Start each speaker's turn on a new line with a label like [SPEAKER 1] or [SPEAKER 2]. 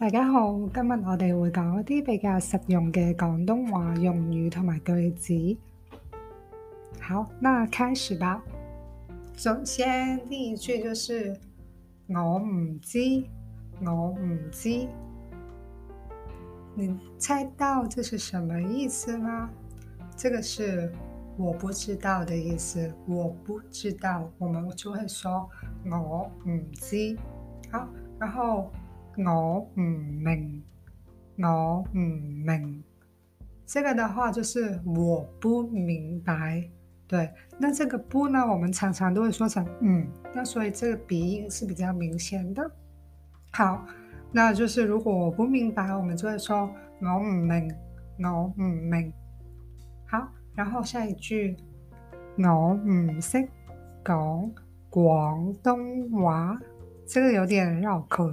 [SPEAKER 1] 大家好，今日我哋會講一啲比較實用嘅廣東話用語同埋句子。好，那開始吧。首先第一句就是我唔知，我唔知。你猜到這是什麼意思嗎？這個是我不知道的意思。我不知道，我們就會說我唔知。好，然後。我唔明，我唔明，這個的話就是我不明白，對。那這個不呢，我們常常都會說成嗯，那所以這個鼻音是比較明顯的。好，那就是如果我不明白，我們就會說我唔明，我唔明。好，然後下一句，我唔識講廣東話，這個有點繞口。